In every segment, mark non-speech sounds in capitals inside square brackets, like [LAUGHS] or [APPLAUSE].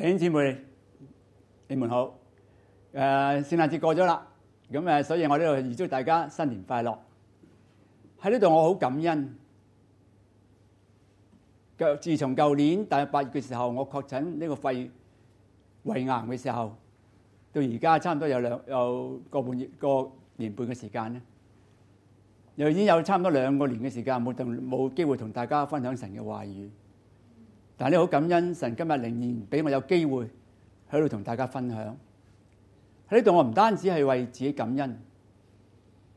弟兄姊妹，你們好。誒、呃，聖誕節過咗啦，咁誒，所以我呢度預祝大家新年快樂。喺呢度我好感恩。舊自從舊年大約八月嘅時候，我確診呢個肺胃癌嘅時候，到而家差唔多有兩有個半月個年半嘅時間咧，又已經有差唔多兩個年嘅時間冇同冇機會同大家分享神嘅話語。但係呢，好感恩神今日仍然俾我有機會喺度同大家分享喺呢度。我唔單止係為自己感恩，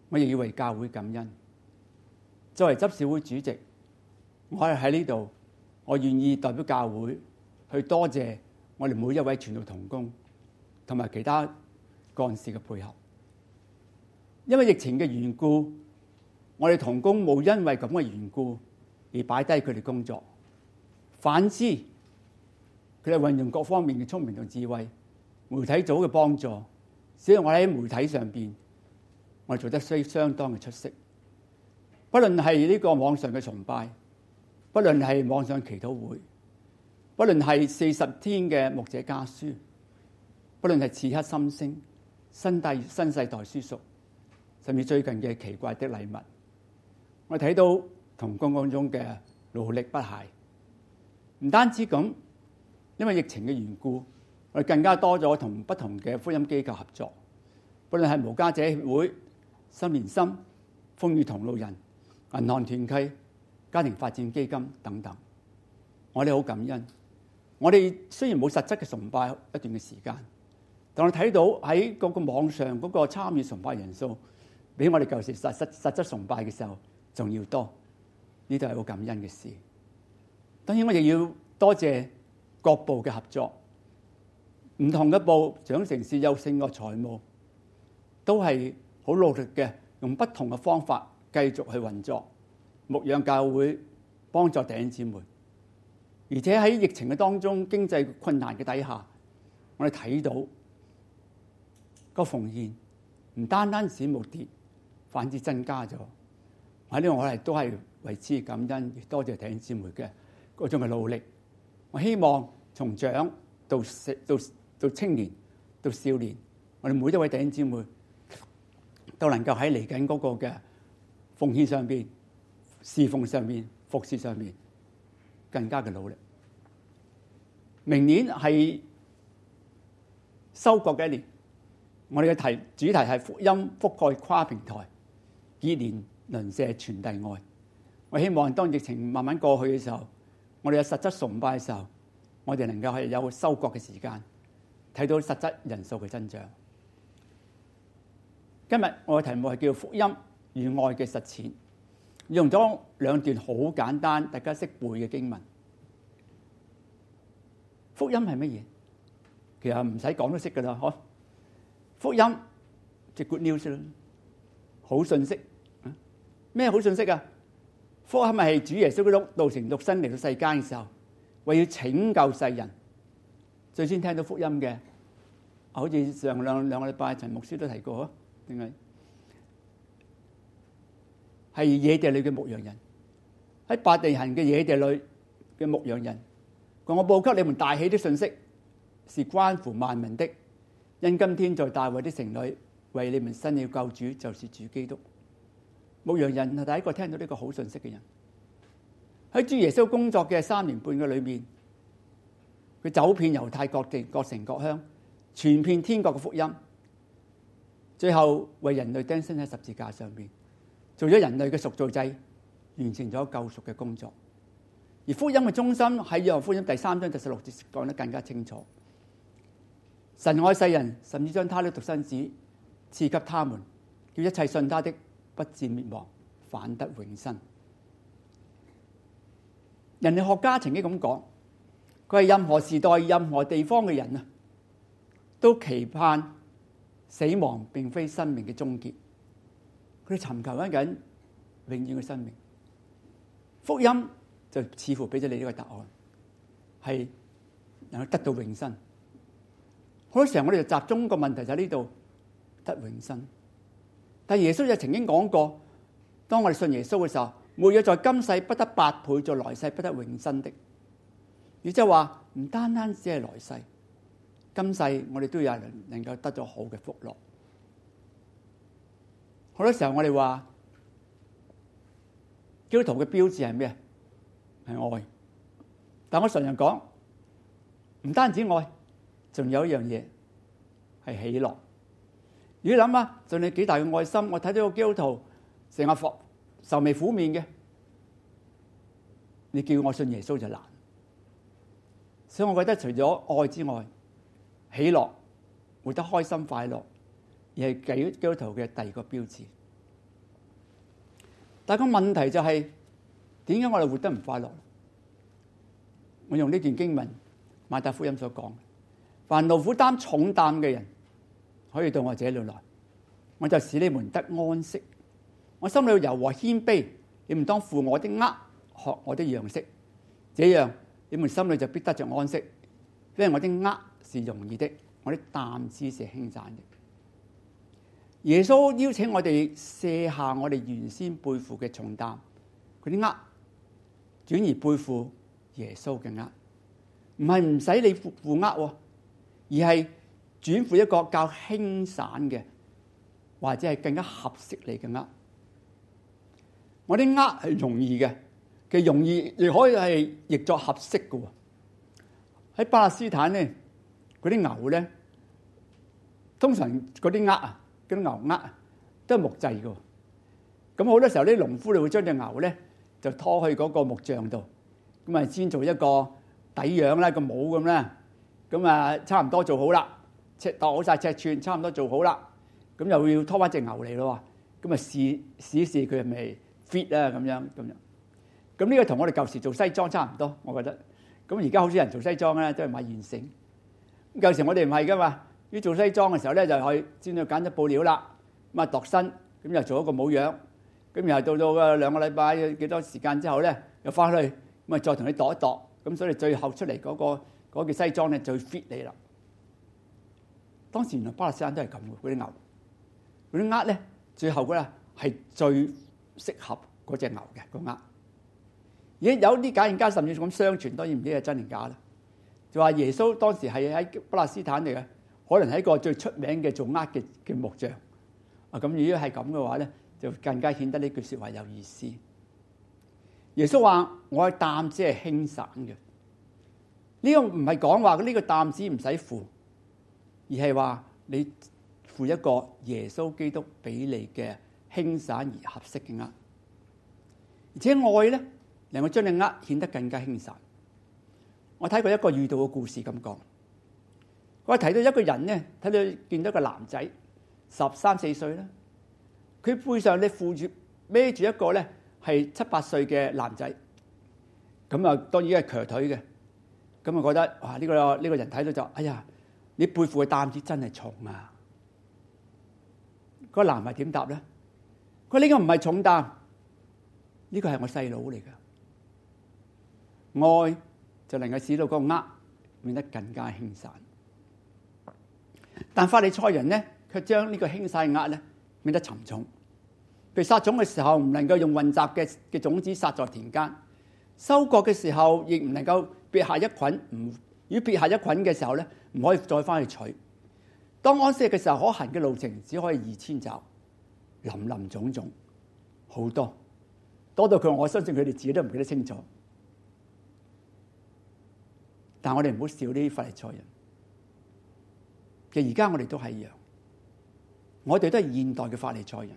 我亦要為教會感恩。作為執事會主席，我係喺呢度，我願意代表教會去多謝我哋每一位傳道同工，同埋其他幹事嘅配合。因為疫情嘅緣故，我哋同工冇因為咁嘅緣故而擺低佢哋工作。反之，佢哋運用各方面嘅聰明同智慧，媒體組嘅幫助，使我哋喺媒體上面，我做得相相當嘅出色。不論係呢個網上嘅崇拜，不論係網上祈禱會，不論係四十天嘅牧者家書，不論係此刻心聲、新新世代書屬，甚至最近嘅奇怪的禮物，我睇到同工當中嘅努力不懈。唔單止咁，因為疫情嘅緣故，我哋更加多咗同不同嘅福音機構合作，無論係無家者協會、心連心、風雨同路人、銀行團契、家庭發展基金等等，我哋好感恩。我哋雖然冇實質嘅崇拜一段嘅時間，但我睇到喺嗰個網上嗰個參與崇拜人數，比我哋舊時實實實質崇拜嘅時候仲要多，呢度係好感恩嘅事。當然我哋要多謝各部嘅合作，唔同嘅部長、城市、有勝個財務，都係好努力嘅，用不同嘅方法繼續去運作、牧養教會、幫助弟兄姊妹。而且喺疫情嘅當中、經濟困難嘅底下，我哋睇到個奉獻唔單單止冇跌，反而增加咗。喺呢個我哋都係為此感恩，亦多謝弟兄姊妹嘅。嗰種嘅努力，我希望從長到到，到青年到少年，我哋每一位弟兄姊妹都能夠喺嚟緊嗰個嘅奉獻上面、侍奉上面、服侍上面更加嘅努力。明年係收割嘅一年，我哋嘅題主題係福音覆蓋跨平台，熱年鄰舍傳遞愛。我希望當疫情慢慢過去嘅時候。我哋有實質崇拜嘅時候，我哋能夠係有收割嘅時間，睇到實質人數嘅增長。今日我嘅題目係叫福音與愛嘅實踐，用咗兩段好簡單、大家識背嘅經文。福音係乜嘢？其實唔使講都識噶啦，嗬！福音即係、就是、good news 啦，好信息。咩好信息啊？福音咪係主耶穌基督道成肉身嚟到世間嘅時候，為要拯救世人，最先聽到福音嘅，好似上兩兩個禮拜陳牧師都提過，定係係野地裏嘅牧羊人，喺八地行嘅野地裏嘅牧羊人，我報給你們大喜的信息，是關乎萬民的，因今天在大衛的城裏，為你們生了救主就是主基督。牧羊人係第一個聽到呢個好信息嘅人。喺主耶穌工作嘅三年半嘅裏面，佢走遍猶太各地各城各鄉，傳遍天國嘅福音。最後為人類釘身喺十字架上邊，做咗人類嘅贖罪祭，完成咗救贖嘅工作。而福音嘅中心喺《約翰福音》第三章第十六節講得更加清楚：神愛世人，甚至將他的獨生子賜給他們，叫一切信他的。不致滅亡，反得永生。人類學家曾經咁講：佢係任何時代、任何地方嘅人啊，都期盼死亡並非生命嘅終結。佢哋尋求緊永遠嘅生命。福音就似乎俾咗你呢個答案，係能夠得到永生。好多時候我哋就集中個問題就喺呢度，得永生。但耶穌就曾經講過，當我哋信耶穌嘅時候，沒有在今世不得百倍，在來世不得永生的。亦即係話，唔單單只係來世，今世我哋都有人能夠得咗好嘅福樂。好多時候我哋話基督徒嘅標誌係咩？係愛。但我常常講，唔單止愛，仲有一樣嘢係喜樂。你要諗啊，就你幾大嘅愛心，我睇到個基督徒成日佛愁眉苦面嘅，你叫我信耶穌就難。所以我覺得除咗愛之外，喜樂活得開心快樂，而係基基督徒嘅第二個標誌。但係個問題就係、是，點解我哋活得唔快樂？我用呢段經文，馬太福音所講嘅，凡勞苦擔重擔嘅人。可以到我這裏來，我就使你們得安息。我心裏柔和謙卑，你們當負我的軛，學我的樣式。這樣你們心裏就必得着安息，因為我的軛是容易的，我的擔子是輕省的。耶穌邀請我哋卸下我哋原先背負嘅重擔，佢啲軛，轉而背負耶穌嘅軛，唔係唔使你負負軛，而係，轉付一個較輕散嘅，或者係更加合適你嘅軛。我啲軛係容易嘅，嘅容易亦可以係譯作合適嘅喎。喺巴勒斯坦咧，嗰啲牛咧，通常嗰啲軛啊，嗰啲牛軛都係木製嘅。咁好多時候，啲農夫會將隻牛咧就拖去嗰個木匠度，咁啊先做一個底樣啦，個帽咁啦，咁啊差唔多做好啦。尺度好曬，尺寸差唔多做好啦，咁又要拖翻隻牛嚟咯喎，咁啊試試一試佢咪 fit 啦，咁樣咁樣，咁呢個同我哋舊時做西裝差唔多，我覺得。咁而家好少人做西裝咧，都係買現成。咁舊時我哋唔係噶嘛，要做西裝嘅時候咧，就去先去揀咗布料啦，咁啊度身，咁又做一個模樣，咁然後到到兩個禮拜幾多時間之後咧，又翻去咁啊再同你度一度，咁所以最後出嚟嗰個嗰件西裝咧就 fit 你啦。當時原來巴勒斯坦都係咁嘅，嗰啲牛、嗰啲軛咧，最後嗰咧係最適合嗰隻牛嘅個軛。而有啲假言家甚至咁相傳，當然唔知係真定假啦。就話耶穌當時係喺巴勒斯坦嚟嘅，可能係一個最出名嘅做軛嘅嘅木匠。啊，咁如果係咁嘅話咧，就更加顯得呢句説話有意思。耶穌話：我嘅擔子係輕省嘅。呢、這個唔係講話，呢個擔子唔使負。而係話你負一個耶穌基督俾你嘅輕省而合適嘅軛，而且愛咧，令我將你軛顯得更加輕省。我睇過一個遇到嘅故事咁講，我睇到一個人咧，睇到見到一個男仔十三四歲啦，佢背上咧負住孭住一個咧係七八歲嘅男仔，咁啊當然係瘸腿嘅，咁啊覺得哇呢、呢個呢、呢個人睇到就哎呀！你背負嘅擔子真係重啊！嗰個男人點答咧？佢呢個唔係重擔，呢個係我細佬嚟噶。愛就能夠使到嗰軛變得更加輕散，但法利賽人咧，卻將呢個輕細軛咧變得沉重。佢撒種嘅時候唔能夠用混雜嘅嘅種子撒在田間，收割嘅時候亦唔能夠撇下一捆唔與撇下一捆嘅時候咧。唔可以再翻去取。當安息嘅時候，可行嘅路程只可以二千集，林林總總，好多，多到佢，我相信佢哋自己都唔記得清楚。但係我哋唔好笑呢啲法利賽人。其實而家我哋都係一樣，我哋都係現代嘅法利賽人。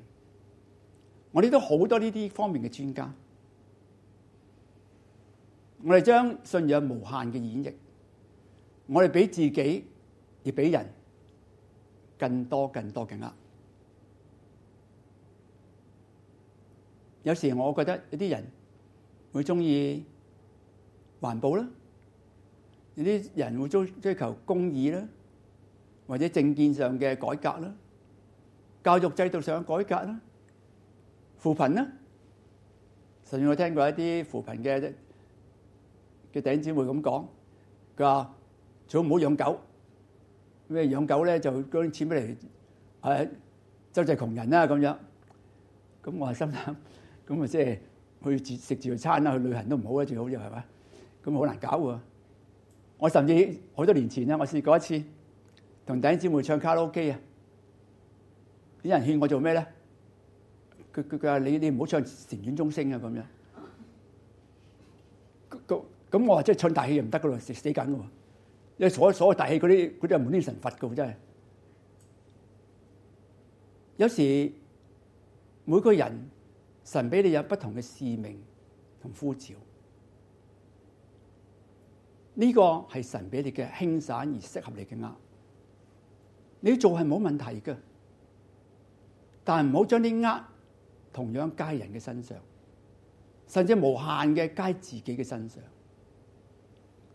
我哋都好多呢啲方面嘅專家。我哋將信仰無限嘅演繹。我哋俾自己而俾人更多更多嘅壓力。有時我覺得有啲人會中意環保啦，有啲人會追追求公義啦，或者政見上嘅改革啦，教育制度上嘅改革啦，扶貧啦。甚至我聽過一啲扶貧嘅嘅頂姊妹咁講，佢話。最好唔好養狗，咩養狗咧就捐啲錢俾嚟，誒周濟窮人啦咁樣。咁我係心諗，咁啊即係去食自助餐啦，去旅行都唔好咧，最好就係嘛。咁好難搞喎。我甚至好多年前啦，我試過一次，同弟兄姊妹唱卡拉 O K 啊，啲人勸我做咩咧？佢佢佢話：你你唔好唱《禪院鐘聲》啊，咁樣。咁咁，我話即係唱大戲又唔得噶咯，食死緊喎。你所所大氣嗰啲，佢哋都係滿天神佛嘅，真係。有時每個人神俾你有不同嘅使命同呼召，呢個係神俾你嘅輕省而適合你嘅軛，你做係冇問題嘅，但係唔好將啲軛同樣加人嘅身上，甚至無限嘅加自己嘅身上。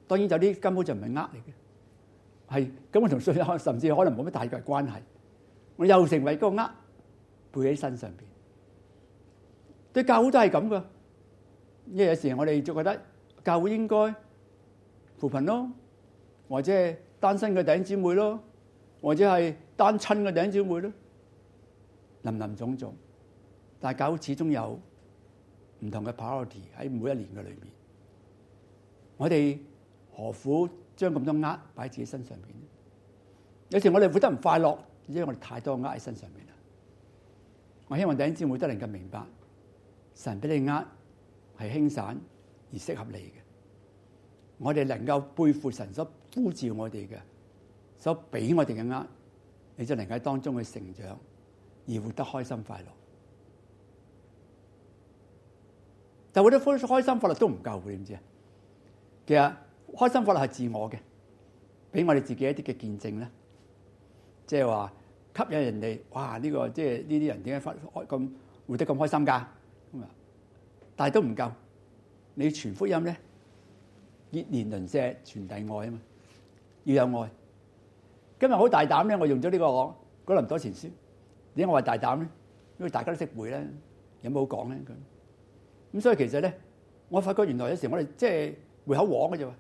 當然有啲根本就唔係呃嚟嘅，係根本同信仰甚至可能冇乜大嘅關係。我又成為嗰個呃背喺身上邊，對教會都係咁噶。因為有時我哋就覺得教會應該扶貧咯，或者係單身嘅弟兄姊妹咯，或者係單親嘅弟兄姊妹咯，林林總總。但係教會始終有唔同嘅 priority 喺每一年嘅裏面，我哋。何苦將咁多呃擺喺自己身上邊？有時我哋活得唔快樂，因為我哋太多呃喺身上邊啦。我希望弟兄姊妹都能夠明白，神俾你呃，係輕散而適合你嘅。我哋能夠背負神所呼召我哋嘅，所俾我哋嘅呃，你就能夠喺當中去成長而活得開心快樂。但係活得開心快樂都唔夠，你知唔知啊？嘅。其實開心快樂係自我嘅，俾我哋自己一啲嘅見證咧，即係話吸引人哋哇，呢個即係呢啲人點解開咁活得咁開心㗎？咁啊，但係都唔夠，你要傳福音咧，熱年輪社傳遞愛啊嘛，要有愛。今日好大膽咧，我用咗呢個哥林多前書，點解我話大膽咧？因為大家都識背咧，有冇好講咧咁？咁所以其實咧，我發覺原來有時我哋即係會口講嘅啫喎。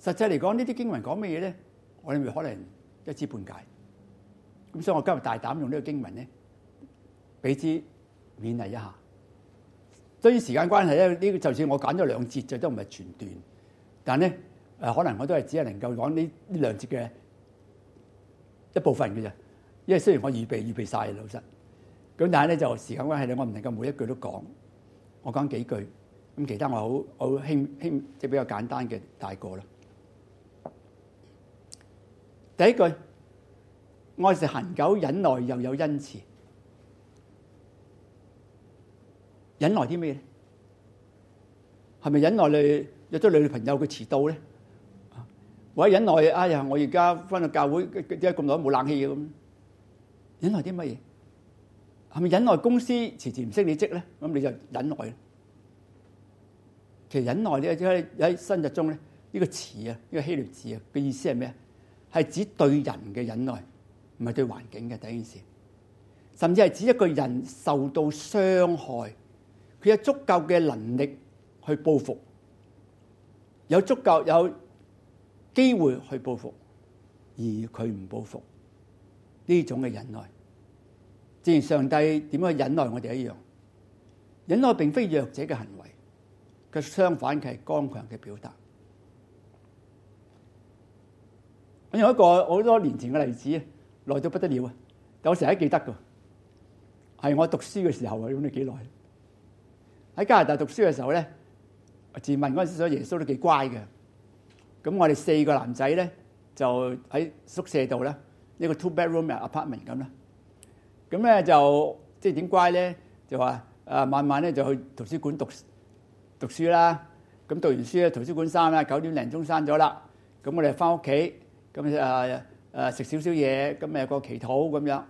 實際嚟講，呢啲經文講乜嘢咧？我認為可能一知半解。咁所以，我今日大膽用呢個經文咧，俾啲勉勵一下。對於時間關係咧，呢就算我揀咗兩節就都唔係全段。但咧，誒、呃、可能我都係只係能夠講呢呢兩節嘅一部分嘅啫。因為雖然我預備預備曬，老實，咁但係咧就時間關係咧，我唔能夠每一句都講。我講幾句，咁其他我好好輕輕即係比較簡單嘅大過啦。第一句，愛是恆久忍耐，又有恩慈。忍耐啲咩咧？係咪忍耐你約咗女朋友佢遲到咧？或者忍耐哎呀，我而家返到教會點解咁耐冇冷氣嘅咁？忍耐啲乜嘢？係咪忍耐公司遲遲唔升你職咧？咁你就忍耐。其實忍耐咧，喺喺新約中咧，呢個詞啊，呢個希臘字啊，嘅意思係咩？係指對人嘅忍耐，唔係對環境嘅第一件事。甚至係指一個人受到傷害，佢有足夠嘅能力去報復，有足夠有機會去報復，而佢唔報復，呢種嘅忍耐，正如上帝點樣忍耐我哋一樣。忍耐並非弱者嘅行為，佢相反係剛強嘅表達。我用一個好多年前嘅例子，耐到不得了啊！但我成日記得㗎，係我讀書嘅時候啊，用咗幾耐。喺加拿大讀書嘅時候咧，自問嗰陣時所耶穌都幾乖嘅。咁我哋四個男仔咧，就喺宿舍度啦，一個 two-bedroom apartment 咁啦。咁咧就即係點乖咧？就話誒晚晚咧就去圖書館讀讀書啦。咁讀完書咧，圖書館閂啦，九點零鐘閂咗啦。咁我哋返屋企。咁啊誒食少少嘢，咁咪個祈禱咁樣，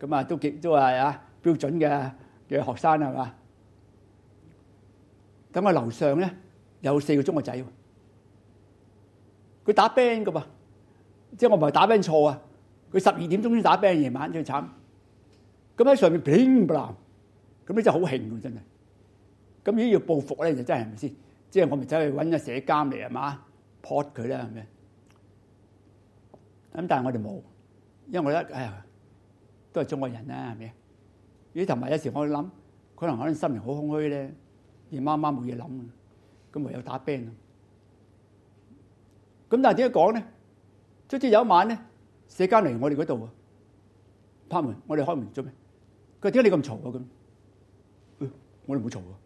咁啊都極都係啊標準嘅嘅學生係嘛？咁啊樓上咧有四個中國仔喎，佢打 band 嘅噃，即係我唔係打 band 錯啊！佢十二點鐘先打 band，夜晚上最係慘，咁喺上面不咁你真係好興真係，咁如果要報復咧就真係唔知，即係我咪走去揾個舍監嚟係嘛 port 佢啦係咪？咁但係我哋冇，因為我覺得，哎呀，都係中國人啦，係咪啊？啲同埋有時我諗，佢可能可能心情好空虛咧，夜媽媽冇嘢諗啊，咁唯有打 band 啊。咁但係點解講咧？即係有一晚咧，舍家嚟我哋嗰度，拍門，我哋開門做咩？佢點解你咁嘈啊？咁，我哋冇嘈啊。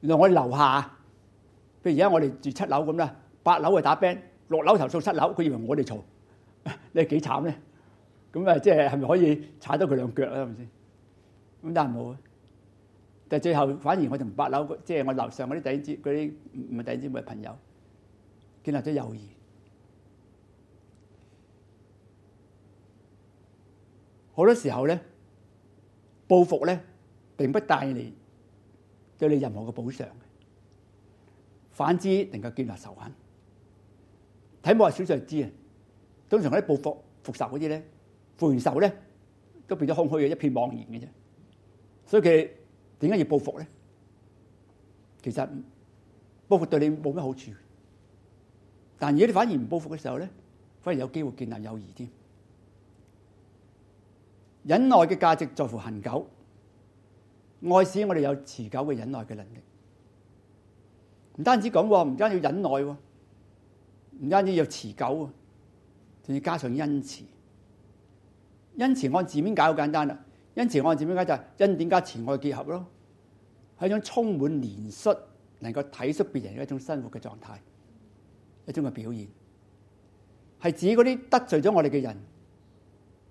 原來我哋樓下，譬如而家我哋住七樓咁啦，八樓去打 band，六樓投訴七樓，佢以為我哋嘈。你幾慘咧？咁啊，即係係咪可以踩到佢兩腳咧？係咪先？咁但係冇啊！但係最後反而我同八樓，即係我樓上嗰啲弟姐妹、嗰啲唔係弟姐妹朋友建立咗友誼。好多時候咧，報復咧並不帶嚟對你任何嘅補償，反之能夠建立仇恨。睇冇啊！小說就知啊！通常嗰啲報復、復仇嗰啲咧，復完仇咧，都變咗空虛嘅，一片茫然嘅啫。所以其實點解要報復咧？其實報復對你冇咩好處，但如果你反而唔報復嘅時候咧，反而有機會建立友誼添。忍耐嘅價值在乎恆久，愛使我哋有持久嘅忍耐嘅能力。唔單止噉喎，唔單要忍耐喎，唔單止要持久啊！仲要加上恩慈，恩慈按字面解好簡單啦。恩慈按字面解就係恩典加慈愛結合咯，係一種充滿憐恤、能夠體恤別人嘅一種生活嘅狀態，一種嘅表現。係指嗰啲得罪咗我哋嘅人，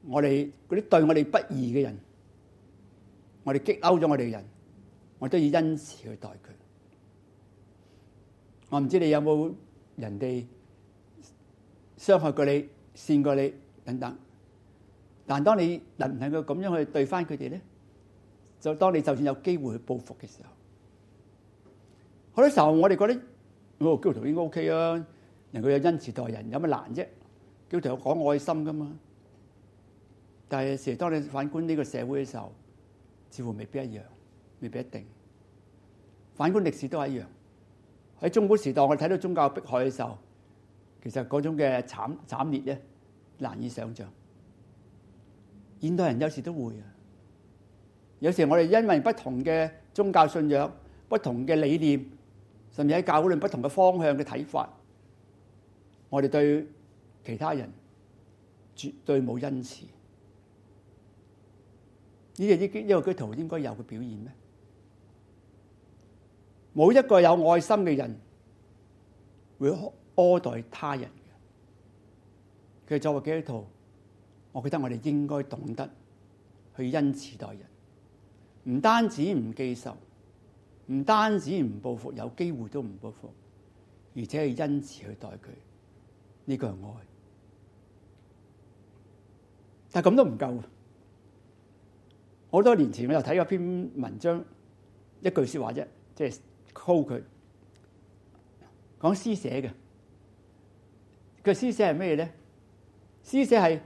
我哋嗰啲對我哋不義嘅人，我哋激嬲咗我哋嘅人，我哋都要恩慈去待佢。我唔知你有冇人哋傷害過你？善過你等等，但當你能唔能夠咁樣去對翻佢哋咧？就當你就算有機會去報復嘅時候，好多時候我哋覺得哦，基督徒應該 OK 啊，能夠有恩慈待人，有乜難啫、啊？基督徒講愛心噶嘛，但係成日當你反觀呢個社會嘅時候，似乎未必一樣，未必一定。反觀歷史都係一樣，喺中古時代我哋睇到宗教迫害嘅時候。其實嗰種嘅慘慘烈咧，難以想象。現代人有時都會啊，有時我哋因為不同嘅宗教信仰、不同嘅理念，甚至喺教會裏不同嘅方向嘅睇法，我哋對其他人絕對冇恩慈。呢、這個依件呢個基督徒應該有嘅表現咩？冇一個有愛心嘅人會苛待他人嘅，佢作為基督徒，我覺得我哋應該懂得去恩慈待人，唔單止唔記仇，唔單止唔報復，有機會都唔報復，而且係恩慈去待佢，呢個係愛。但係咁都唔夠，好多年前我又睇過一篇文章，一句話、就是、說話啫，即係 call 佢，講詩寫嘅。嘅施捨係咩嘢咧？施捨係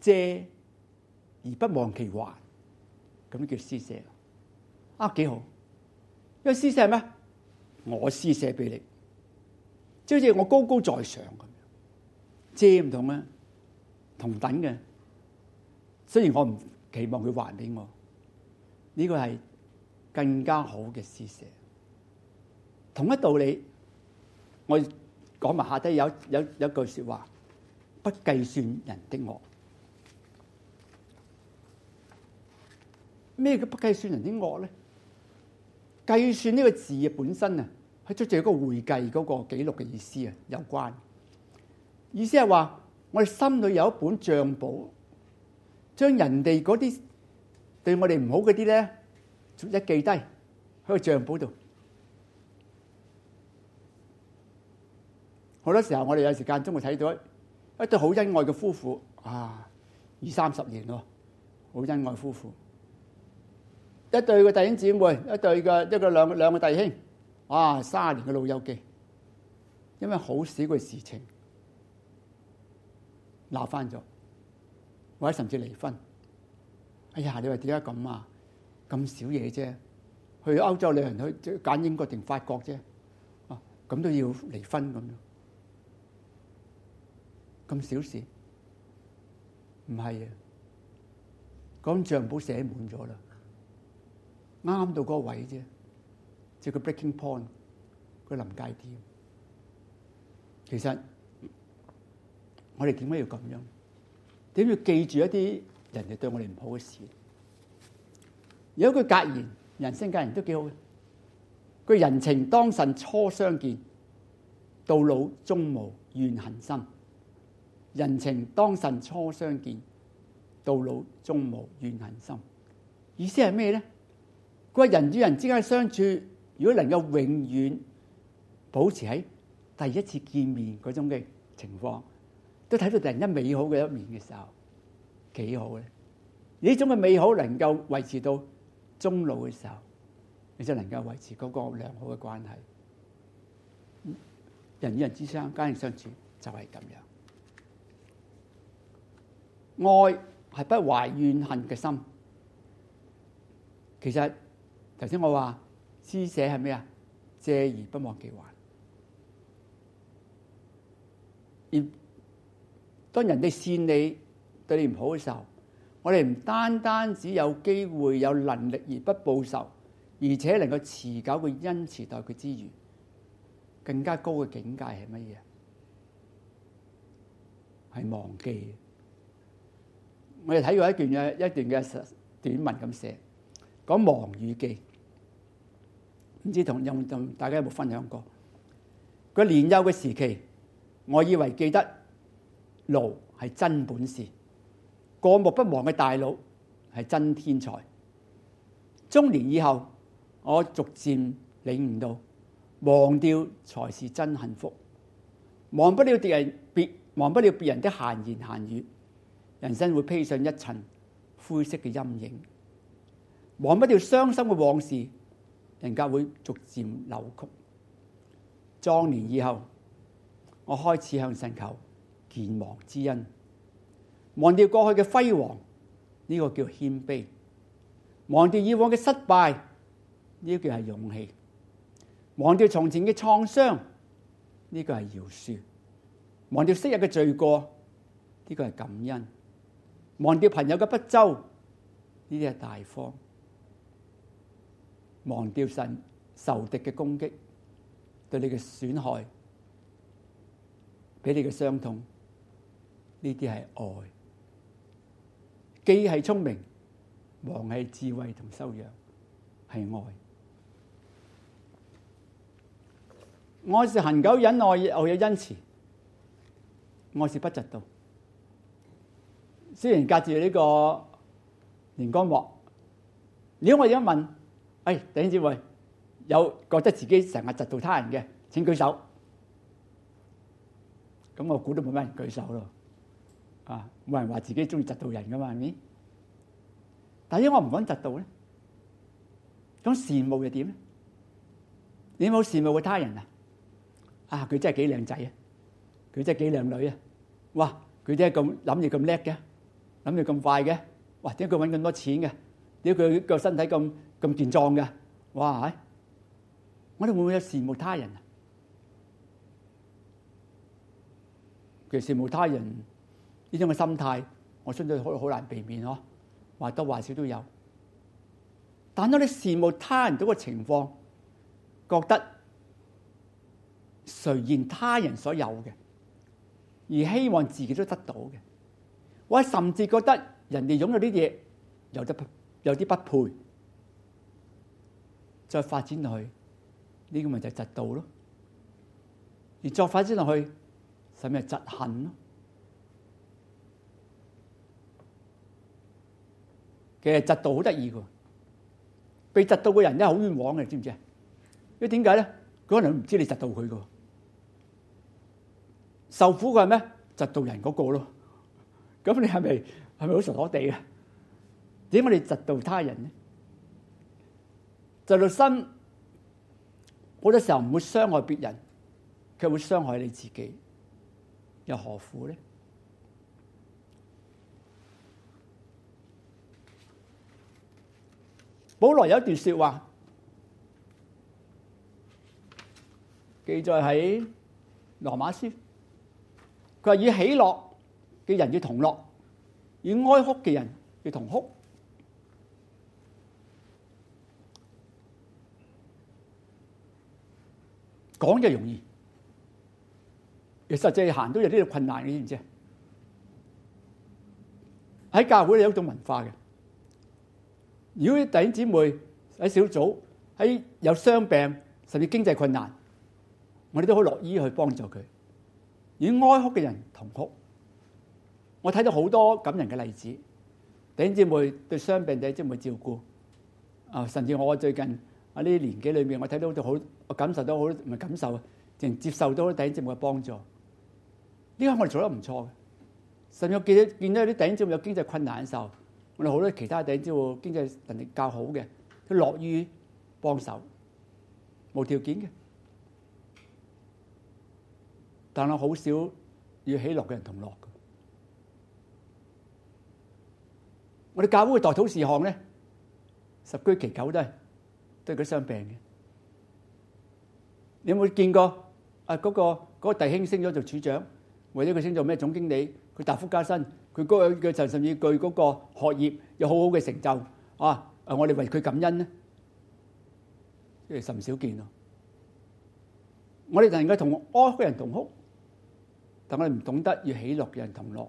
借而不忘其還，咁叫施捨啊，幾好？因為施捨係咩？我施捨俾你，即係好似我高高在上咁樣借唔同啊，同等嘅。雖然我唔期望佢還俾我，呢個係更加好嘅施捨。同一道理，我。講埋下低有有有句說話，不計算人的惡。咩叫不計算人的惡咧？計算呢個字本身啊，係出自個會計嗰個記錄嘅意思啊，有關。意思係話，我哋心裏有一本帳簿，將人哋嗰啲對我哋唔好嗰啲咧，逐一記低喺個帳簿度。好多時候，我哋有時間中會睇到一對好恩愛嘅夫婦啊，二三十年咯，好恩愛夫婦。一對嘅弟兄姊妹，一對嘅一個兩個兩個弟兄，哇、啊，三十年嘅老友記，因為好少嘅事情鬧翻咗，或者甚至離婚。哎呀，你話點解咁啊？咁少嘢啫，去歐洲旅行去揀英國定法國啫，啊，咁都要離婚咁樣。咁小事唔係啊！講帳簿寫滿咗啦，啱到嗰個位啫，叫個 breaking point，個臨界點。其實我哋點解要咁樣？點要記住一啲人哋對我哋唔好嘅事？有一句格言，人生格言都幾好嘅。佢人情當晨初相見，到老終無怨恨心。人情當晨初相見，到老終無怨恨心。意思係咩咧？佢話人與人之間嘅相處，如果能夠永遠保持喺第一次見面嗰種嘅情況，都睇到第一美好嘅一面嘅時候，幾好咧？呢種嘅美好能夠維持到終老嘅時候，你就能夠維持嗰個良好嘅關係。人與人之間，家人相處就係咁樣。愛係不懷怨恨嘅心。其實頭先我話施捨係咩啊？借而不忘記還。而當人哋善你對你唔好嘅時候，我哋唔單單只有機會有能力而不報仇，而且能夠持久嘅恩慈待佢之餘，更加高嘅境界係乜嘢？係忘記。我哋睇過一段嘅一段嘅短文咁寫，講忘與記，唔知同有同大家有冇分享過？佢年幼嘅時期，我以為記得，牢係真本事，過目不忘嘅大佬係真天才。中年以後，我逐漸領悟到，忘掉才是真幸福，忘不了別人，別忘不了別人的閒言閒語。人生會披上一層灰色嘅陰影，忘不掉傷心嘅往事，人格會逐漸扭曲。壯年以後，我開始向神求健忘之恩，忘掉過去嘅輝煌，呢個叫謙卑；忘掉以往嘅失敗，呢個係勇氣；忘掉從前嘅創傷，呢個係饒恕；忘掉昔日嘅罪過，呢個係感恩。忘掉朋友嘅不周，呢啲係大方；忘掉神受敵嘅攻擊，對你嘅損害，俾你嘅傷痛，呢啲係愛。機係聰明，忘係智慧同修養，係愛。愛是恒久忍耐，又有恩慈，愛是不嫉妒。雖然隔住呢個螢光幕，如果我而家問，誒，弟兄姊妹有覺得自己成日嫉妒他人嘅，請舉手。咁我估都冇咩人舉手咯。啊，冇人話自己中意嫉妒人噶嘛？係咪？但係點解我唔講嫉妒咧？咁羨慕又點咧？你有冇羨慕過他人啊？啊，佢真係幾靚仔啊！佢真係幾靚女啊！哇！佢真係咁諗嘢咁叻嘅！諗住咁快嘅，哇！點解佢搵咁多錢嘅？點解佢個身體咁咁健壯嘅？哇！我哋會唔會有羨慕他人？其實羨慕他人呢種嘅心態，我相信好好難避免咯，或多或少都有。但當你羨慕他人到嘅情況，覺得誰然他人所有嘅，而希望自己都得到嘅。我甚至覺得人哋擁有啲嘢，有啲有啲不配，再發展落去呢個咪就係嫉妒咯。而再發展落去，使咩係嫉恨咯？其實嫉妒好得意噶，被嫉妒嘅人真係好冤枉嘅，你知唔知啊？因為點解咧？佢可能唔知你嫉妒佢噶，受苦嘅係咩？嫉妒人嗰個咯。咁你係咪係咪好傻傻地啊？點解你嫉妒他人呢？嫉妒心好多時候唔會傷害別人，卻會傷害你自己，又何苦呢？保羅有一段說話記載喺羅馬書，佢話以喜樂。嘅人要同樂，與哀哭嘅人要同哭，講就容易，實際行都有啲困難嘅，你知唔知啊？喺教會咧，有一種文化嘅。如果弟兄姊妹喺小組，喺有傷病甚至經濟困難，我哋都好樂意去幫助佢，與哀哭嘅人同哭。我睇到好多感人嘅例子，頂姊妹對傷病者姊妹照顧，啊，甚至我最近喺呢啲年紀裏面，我睇到好多，我感受到好多唔係感受啊，淨接受到頂姊妹嘅幫助，呢個我哋做得唔錯嘅。甚至我見到見到有啲頂姊妹有經濟困難嘅時候，我哋好多其他頂姊妹經濟能力較好嘅，都樂於幫手，無條件嘅。但係我好少與喜樂嘅人同樂。我哋教會代禱事項咧，十居其九都係都係佢傷病嘅。你有冇見過啊？嗰個嗰個弟兄升咗做處長，或者佢升做咩總經理，佢大幅加薪，佢高佢甚至於具嗰個學業有好好嘅成就啊！我哋為佢感恩咧，即係甚少見咯。我哋能夠同哀嘅人同哭，但係我哋唔懂得與喜樂嘅人同樂，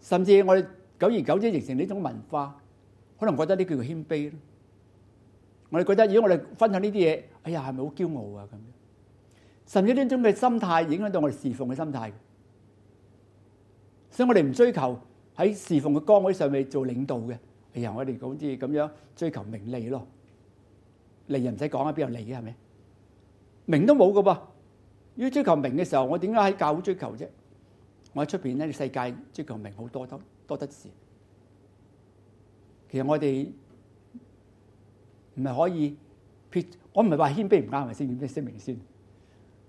甚至我哋。久而久之形成呢種文化，可能覺得呢叫做謙卑咯。我哋覺得如果我哋分享呢啲嘢，哎呀，係咪好驕傲啊？咁，甚至呢種嘅心態影響到我哋侍奉嘅心態。所以我哋唔追求喺侍奉嘅崗位上面做領導嘅。哎呀，我哋好似咁樣追求名利咯，利又唔使講啊，邊有利啊？係咪名都冇噶噃？要追求名嘅時候，我點解喺教會追求啫？我喺出邊咧，世界追求名好多得。多得事，其實我哋唔係可以撇，我唔係話謙卑唔啱，咪先，點解聲明先。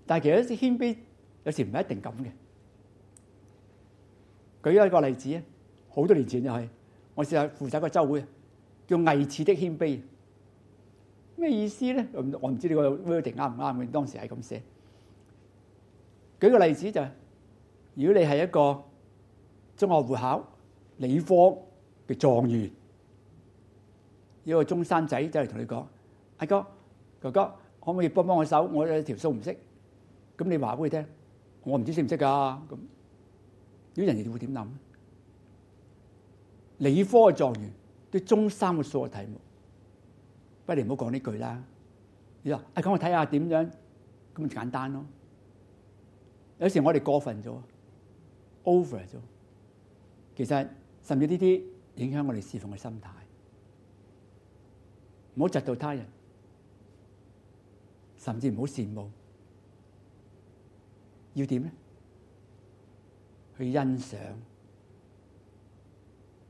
但係其實呢啲謙卑有時唔係一定咁嘅。舉一個例子啊，好多年前就係我試下負責個周會，叫偽似的謙卑，咩意思咧？我唔知呢個 wording 啱唔啱嘅，當時係咁寫。舉個例子就係，如果你係一個中學會考。理科嘅狀元，有個中山三仔走嚟同你講，阿、啊、哥、哥哥，可唔可以幫幫我手？我條數唔識，咁你話俾佢聽，我唔知識唔識噶。咁，啲人哋會點諗？理科嘅狀元對中三嘅數學題目，不如唔好講呢句啦。你話，阿、啊、哥我睇下點樣，咁簡單咯。有時我哋過分咗，over 咗，其實。甚至呢啲影響我哋侍奉嘅心態，唔好嫉妒他人，甚至唔好羨慕，要點咧？去欣賞，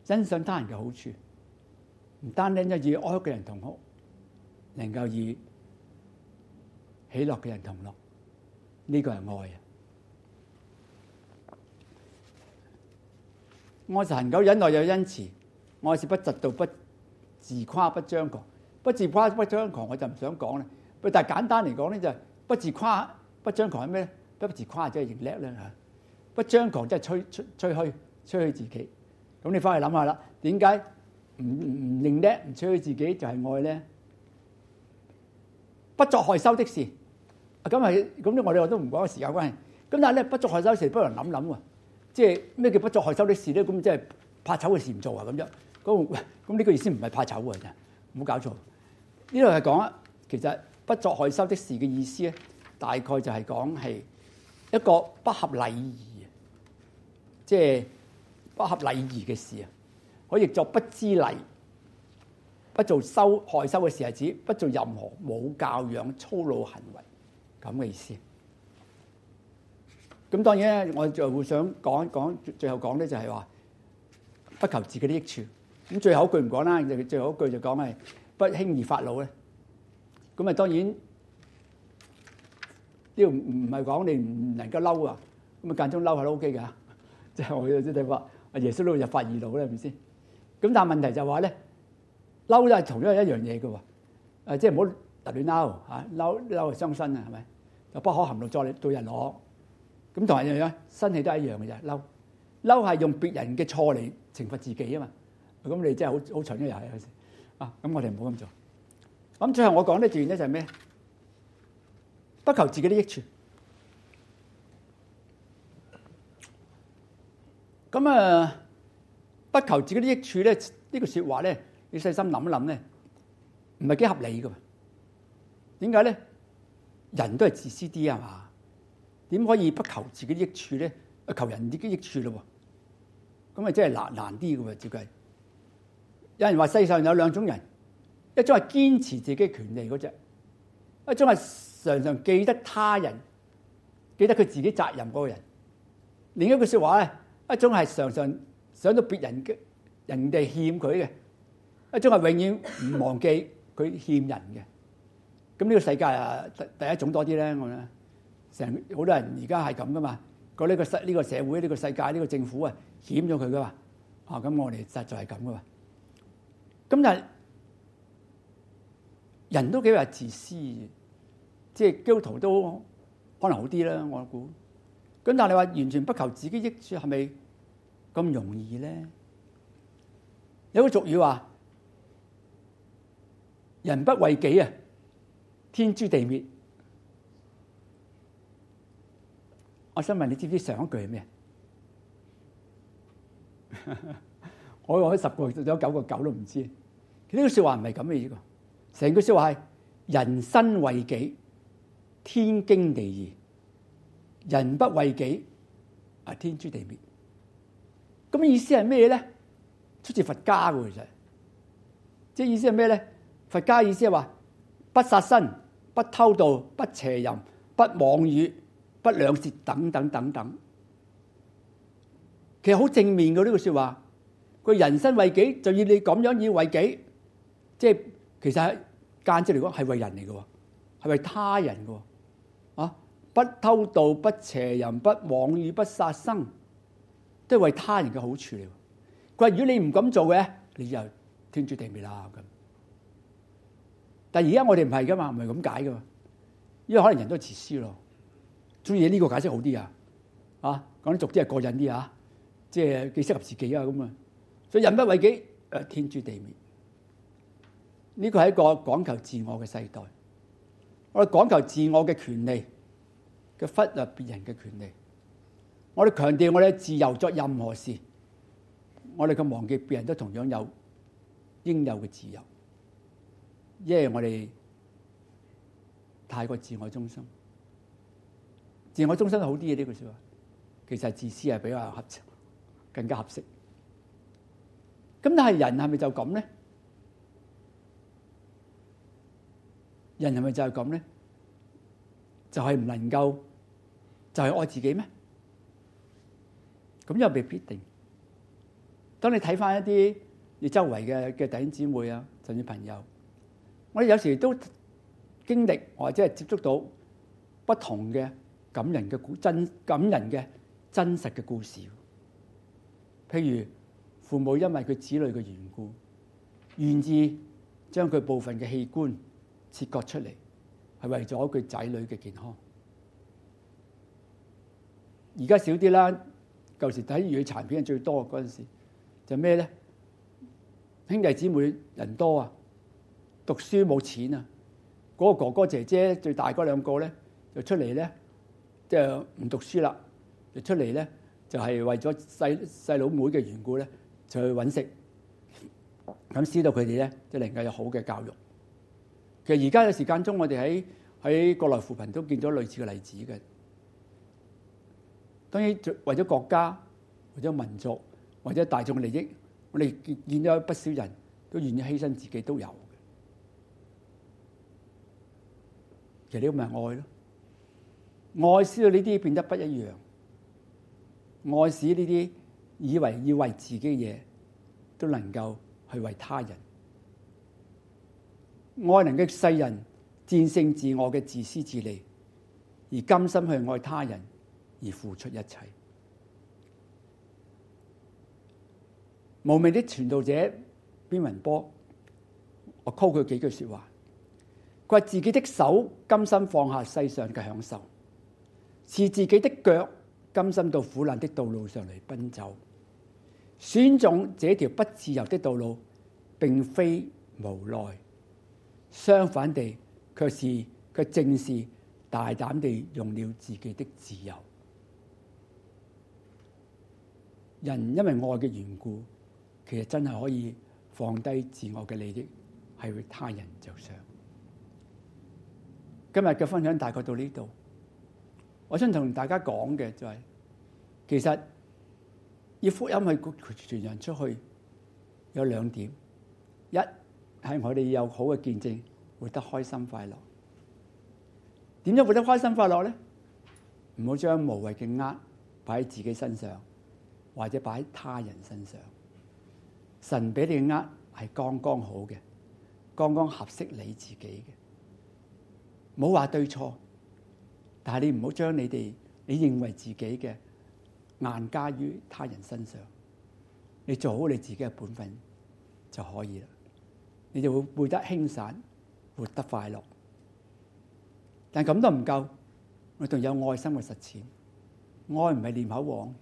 欣賞他人嘅好處，唔單單只係以哀哭嘅人同哭，能夠以喜樂嘅人同樂，呢個係愛啊！愛是恆久忍耐又有恩慈，愛是不嫉妒不自誇不張狂，不自誇不張狂我就唔想講啦。但簡單嚟講咧，就係不自誇不張狂係咩咧？不自誇即係認叻啦嚇，不張狂即係吹吹吹噓吹噓自己。咁你翻去諗下啦，點解唔唔認叻唔吹噓自己就係愛咧？不作害羞的事，咁係咁啲我哋都唔講，時間關係。咁但係咧，不作害羞事不，不如諗諗喎。即係咩叫不作害羞的事咧？咁即係怕醜嘅事唔做啊！咁樣，嗰、嗰個咁呢句意思唔係怕醜嘅啫，唔好搞錯。呢度係講其實不作害羞的事嘅意思咧，大概就係講係一個不合禮儀，即、就、係、係、不合禮儀嘅事啊！可以譯作不知禮，不做羞害羞嘅事係指不做任何冇教養粗魯行為咁嘅意思。咁當然咧，我就會想講講最後講咧，就係話不求自己的益處。咁最後一句唔講啦，就最後一句就講係不輕易發怒咧。咁啊，當然呢個唔係講你唔能夠嬲啊。咁啊，間中嬲係 OK 嘅啊，即係我有啲地方啊，耶穌都會入發義怒咧，係咪先？咁但係問題就話咧，嬲都係同樣一樣嘢嘅喎。誒，即係唔好特亂嬲嚇，嬲嬲係傷身啊，係咪？又不可含怒到日落。咁同人一樣，生氣都係一樣嘅，就係嬲。嬲係用別人嘅錯嚟懲罰自己啊嘛！咁你真係好好蠢嘅又係嗰時。啊，咁我哋唔好咁做。咁最後我講呢段咧就係咩？不求自己啲益處。咁啊，不求自己啲益處咧，呢個說話，呢句説話咧，你細心諗一諗咧，唔係幾合理噶？點解咧？人都係自私啲啊嘛。點可以不求自己的益處咧？求人自己益處咯。咁啊，真係難難啲嘅喎，照計。有人話世上有兩種人，一種係堅持自己權利嗰隻，一種係常常記得他人，記得佢自己責任嗰個人。另一句説話咧，一種係常常想到別人嘅人哋欠佢嘅，一種係永遠唔忘記佢欠人嘅。咁呢個世界啊，第第一種多啲咧，我咧。成好多人而家係咁噶嘛？個呢個呢個社會呢、這個世界呢、這個政府啊，險咗佢噶嘛？啊，咁我哋實在係咁噶嘛？咁但係人都幾話自私，即係基督徒都可能好啲啦。我估咁但係你話完全不求自己益處係咪咁容易咧？有個俗語話：人不為己啊，天誅地滅。我想問你，你知唔知上一句係咩？我 [LAUGHS] 我十句有九個九都唔知，呢句說話唔係咁嘅呢個。成句說話係：人生為己，天經地義；人不為己，啊天誅地滅。咁意思係咩咧？出自佛家噶其實，即係意思係咩咧？佛家意思係話：不殺生，不偷盜，不邪淫，不妄語，不兩舌等等等等，其實好正面嘅呢句説話，佢人生為己，就以你咁樣以為己，即係其實間接嚟講係為人嚟嘅，係為他人嘅。啊，不偷盜、不邪淫、不妄語、不殺生，都係為他人嘅好處嚟。佢話：如果你唔咁做嘅，你就天注地滅啦咁。但係而家我哋唔係噶嘛，唔係咁解噶嘛，因為可能人都自私咯。中意呢個解釋好啲啊！啊，講啲俗啲係過癮啲啊，即係幾適合自己啊咁啊！所以人不為己，誒、呃、天誅地滅。呢、這個係一個講求自我嘅世代，我哋講求自我嘅權利，嘅忽略別人嘅權利，我哋強調我哋自由做任何事，我哋嘅忘記別人都同樣有應有嘅自由，因為我哋太過自我中心。自我中心好啲嘅呢句說話，其實自私係比較合情，更加合適。咁但係人係咪就咁咧？人係咪就係咁咧？就係唔能夠就係愛自己咩？咁又未必定。當你睇返一啲你周圍嘅嘅弟兄姊妹啊，甚至朋友，我哋有時都經歷或者係接觸到不同嘅。感人嘅故真感人嘅真實嘅故事，譬如父母因為佢子女嘅緣故，願意將佢部分嘅器官切割出嚟，係為咗佢仔女嘅健康。而家少啲啦，舊時睇粵語殘片最多嗰陣時，就咩、是、咧？兄弟姊妹人多啊，讀書冇錢啊，嗰、那個哥哥姐姐最大嗰兩個咧，就出嚟咧。即係唔讀書啦，就出嚟咧，就係為咗細細佬妹嘅緣故咧，就去揾食。咁知道佢哋咧，就係能夠有好嘅教育。其實而家嘅時間中，我哋喺喺國內扶貧都見到類似嘅例子嘅。當然，為咗國家、為咗民族、為咗大眾利益，我哋見見到不少人都願意犧牲自己都有的。其實呢啲咪係愛咯。愛使到呢啲變得不一樣，愛使呢啲以為要為自己嘅嘢，都能夠去為他人，愛能嘅世人戰勝自我嘅自私自利，而甘心去愛他人而付出一切。無名的傳道者邊雲波，我 call 佢幾句說話，佢話自己的手甘心放下世上嘅享受。是自己的腳甘心到苦難的道路上嚟奔走，選中這條不自由的道路，並非無奈，相反地，卻是卻正是大膽地用了自己的自由。人因為愛嘅緣故，其實真係可以放低自我嘅利益，係為他人着想。今日嘅分享大概到呢度。我想同大家講嘅就係、是，其實要福音去傳揚出去，有兩點：一係我哋有好嘅見證，活得開心快樂。點樣活得開心快樂咧？唔好將無謂嘅軛擺喺自己身上，或者擺喺他人身上。神俾你嘅軛係剛剛好嘅，剛剛合適你自己嘅。冇話對錯。但係你唔好將你哋你認為自己嘅硬加於他人身上，你做好你自己嘅本分就可以啦。你就會活得輕鬆，活得快樂。但咁都唔夠，我仲有愛心嘅實踐。愛唔係念口簧，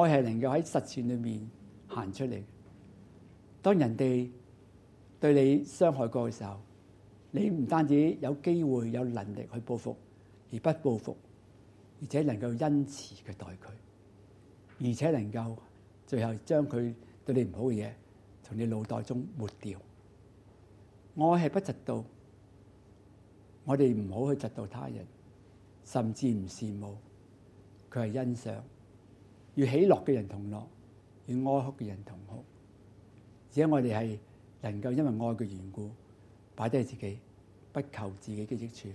愛係能夠喺實踐裏面行出嚟。當人哋對你傷害過嘅時候，你唔單止有機會有能力去報復。而不報復，而且能夠恩慈嘅待佢，而且能夠最後將佢對你唔好嘅嘢從你腦袋中抹掉。愛係不我係不嫉妒，我哋唔好去嫉妒他人，甚至唔羨慕。佢係欣賞，與喜樂嘅人同樂，與哀哭嘅人同哭。而且我哋係能夠因為愛嘅緣故，擺低自己，不求自己嘅益處。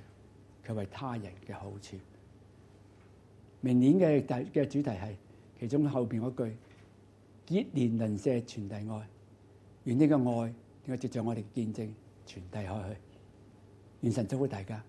佢為他人嘅好處，明年嘅大嘅主題係其中後邊句，結連鄰舍傳遞愛，願呢個愛應該借著我哋見證傳遞開去，願神祝福大家。